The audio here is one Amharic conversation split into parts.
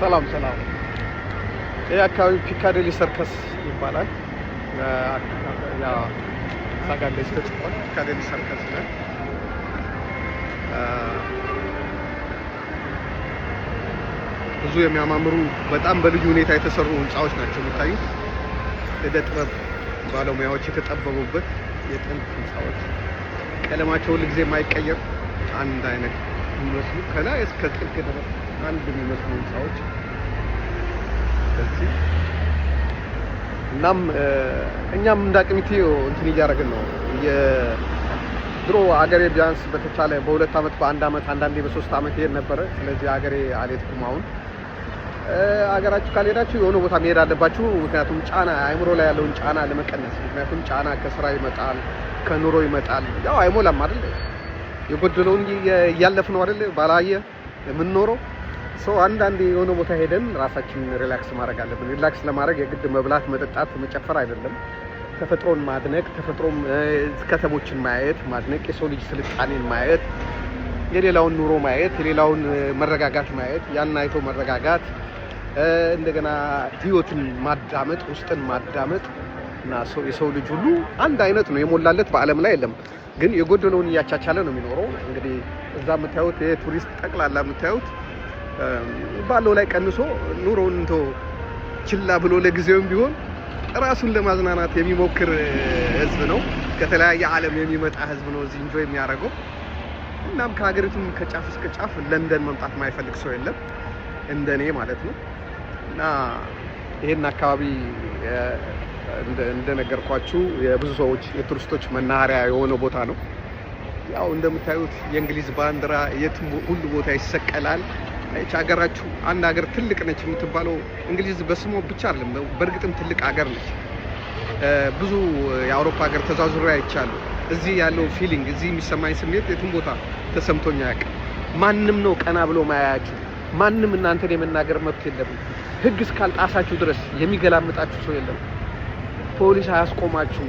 ሰላም ሰላም። ይህ አካባቢ ፒካዴሊ ሰርከስ ይባላል። ሳጋሌ ፒካዴሊ ሰርከስ ብዙ የሚያማምሩ በጣም በልዩ ሁኔታ የተሰሩ ህንፃዎች ናቸው የሚታዩት። እደ ጥበብ ባለሙያዎች የተጠበቡበት የጥንት ህንፃዎች ቀለማቸው ሁልጊዜ የማይቀየር አንድ አይነት የሚመስሉ ከላይ እስከ ጥልቅ ድረስ አንድ የሚመስሉ ህንፃዎች በዚህ እናም እኛም እንደ አቅሚቴ እንትን እያደረግን ነው። የድሮ አገሬ ቢያንስ በተቻለ በሁለት ዓመት በአንድ ዓመት አንዳንዴ በሶስት ዓመት ይሄድ ነበረ። ስለዚህ አገሬ አልሄድኩም። አሁን አገራችሁ ካልሄዳችሁ የሆነ ቦታ መሄድ አለባችሁ። ምክንያቱም ጫና አይምሮ ላይ ያለውን ጫና ለመቀነስ ምክንያቱም ጫና ከስራ ይመጣል፣ ከኑሮ ይመጣል። ያው አይሞላም አይደል? የጎደለውን እያለፍ ነው አይደል? ባላየ የምንኖረው ሶ አንዳንድ የሆነ ቦታ ሄደን ራሳችን ሪላክስ ማድረግ አለብን። ሪላክስ ለማድረግ የግድ መብላት፣ መጠጣት፣ መጨፈር አይደለም። ተፈጥሮን ማድነቅ፣ ተፈጥሮ ከተሞችን ማየት ማድነቅ፣ የሰው ልጅ ስልጣኔን ማየት፣ የሌላውን ኑሮ ማየት፣ የሌላውን መረጋጋት ማየት፣ ያን አይቶ መረጋጋት፣ እንደገና ህይወትን ማዳመጥ፣ ውስጥን ማዳመጥ እና የሰው ልጅ ሁሉ አንድ አይነት ነው። የሞላለት በዓለም ላይ የለም። ግን የጎደለውን እያቻቻለ ነው የሚኖረው። እንግዲህ እዛ የምታዩት የቱሪስት ጠቅላላ የምታዩት ባለው ላይ ቀንሶ ኑሮውን እንቶ ችላ ብሎ ለጊዜውም ቢሆን ራሱን ለማዝናናት የሚሞክር ህዝብ ነው። ከተለያየ ዓለም የሚመጣ ህዝብ ነው እዚህ ኢንጆይ የሚያደርገው። እናም ከሀገሪቱም ከጫፍ እስከ ጫፍ ለንደን መምጣት የማይፈልግ ሰው የለም፣ እንደኔ ማለት ነው። እና ይህን አካባቢ እንደነገርኳችሁ የብዙ ሰዎች የቱሪስቶች መናኸሪያ የሆነ ቦታ ነው። ያው እንደምታዩት የእንግሊዝ ባንዲራ የት ሁሉ ቦታ ይሰቀላል። ይች ሀገራችሁ አንድ ሀገር ትልቅ ነች የምትባለው እንግሊዝ በስሞ ብቻ አይደለም፣ በእርግጥም ትልቅ ሀገር ነች። ብዙ የአውሮፓ ሀገር ተዛዙሪያ አይቻለሁ። እዚህ ያለው ፊሊንግ፣ እዚህ የሚሰማኝ ስሜት የትም ቦታ ተሰምቶኝ አያውቅም። ማንም ነው ቀና ብሎ ማያያችሁ። ማንም እናንተን የመናገር መብት የለም። ህግ እስካልጣሳችሁ ድረስ የሚገላምጣችሁ ሰው የለም። ፖሊስ አያስቆማችሁ።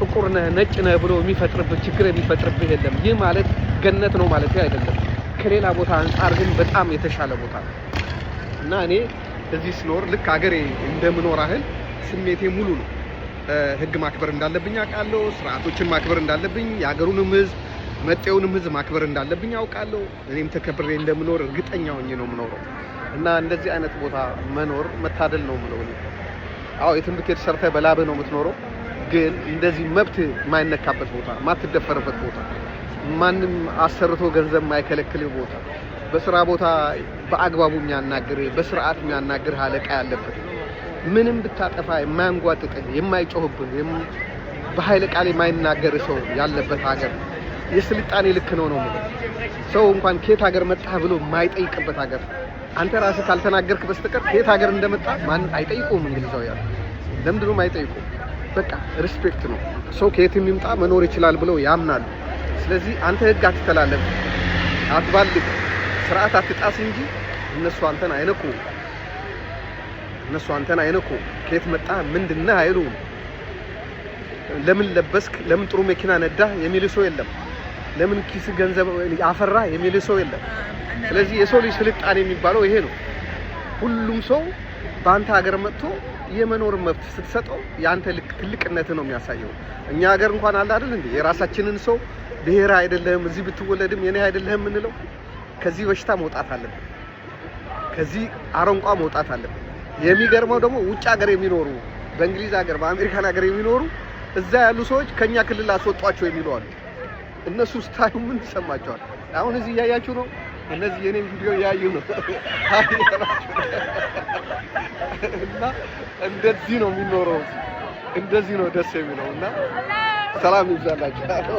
ጥቁር ነህ ነጭ ነህ ብሎ የሚፈጥርብህ ችግር የሚፈጥርብህ የለም። ይህ ማለት ገነት ነው ማለት አይደለም። ከሌላ ቦታ አንጻር ግን በጣም የተሻለ ቦታ ነው እና እኔ እዚህ ስኖር ልክ ሀገሬ እንደምኖር አህል ስሜቴ ሙሉ ነው። ህግ ማክበር እንዳለብኝ አውቃለሁ። ስርዓቶችን ማክበር እንዳለብኝ፣ የሀገሩንም ህዝብ መጤውንም ህዝብ ማክበር እንዳለብኝ አውቃለሁ። እኔም ተከብሬ እንደምኖር እርግጠኛ ሆኜ ነው የምኖረው እና እንደዚህ አይነት ቦታ መኖር መታደል ነው ምለው። አዎ የትም ብትሄድ ሰርተህ በላብህ ነው የምትኖረው። ግን እንደዚህ መብት የማይነካበት ቦታ፣ የማትደፈርበት ቦታ፣ ማንም አሰርቶ ገንዘብ የማይከለክል ቦታ፣ በስራ ቦታ በአግባቡ የሚያናግር በስርዓት የሚያናግር አለቃ ያለበት ምንም ብታጠፋ የማያንጓጥጥህ የማይጮህብህ በኃይለ ቃል የማይናገር ሰው ያለበት ሀገር የስልጣኔ ልክ ነው ነው ሰው እንኳን ከየት ሀገር መጣህ ብሎ የማይጠይቅበት ሀገር አንተ ራስህ ካልተናገርክ በስተቀር ከየት ሀገር እንደመጣ ማን አይጠይቁም። እንግሊዛውያን ለምንድነው አይጠይቁም? በቃ ሪስፔክት ነው። ሰው ከየትም ይምጣ መኖር ይችላል ብለው ያምናሉ። ስለዚህ አንተ ህግ አትተላለፍ፣ አትባልግ፣ ስርዓት አትጣስ እንጂ እነሱ አንተን አይነኩ እነሱ አንተን አይነኩ። ከየት መጣ ምንድነህ አይሉም። ለምን ለበስክ፣ ለምን ጥሩ መኪና ነዳህ የሚል ሰው የለም። ለምን ኪስ ገንዘብ አፈራ የሚል ሰው የለም። ስለዚህ የሰው ልጅ ስልጣን የሚባለው ይሄ ነው። ሁሉም ሰው በአንተ ሀገር መጥቶ የመኖር መብት ስትሰጠው የአንተ ልክ ትልቅነት ነው የሚያሳየው። እኛ ሀገር እንኳን አለ አይደል እንዴ የራሳችንን ሰው ብሔር አይደለህም እዚህ ብትወለድም የኔ አይደለህም የምንለው። ከዚህ በሽታ መውጣት አለብን። ከዚህ አረንቋ መውጣት አለብን። የሚገርመው ደግሞ ውጭ ሀገር የሚኖሩ በእንግሊዝ ሀገር በአሜሪካን ሀገር የሚኖሩ እዛ ያሉ ሰዎች ከኛ ክልል አስወጧቸው የሚሉ አሉ። እነሱ ስታዩ ምን ይሰማቸዋል? አሁን እዚህ እያያችሁ ነው። እነዚህ የኔ ቪዲዮ እያዩ ነው። እና እንደዚህ ነው የሚኖረው። እንደዚህ ነው ደስ የሚለው እና ሰላም ይብዛላችሁ።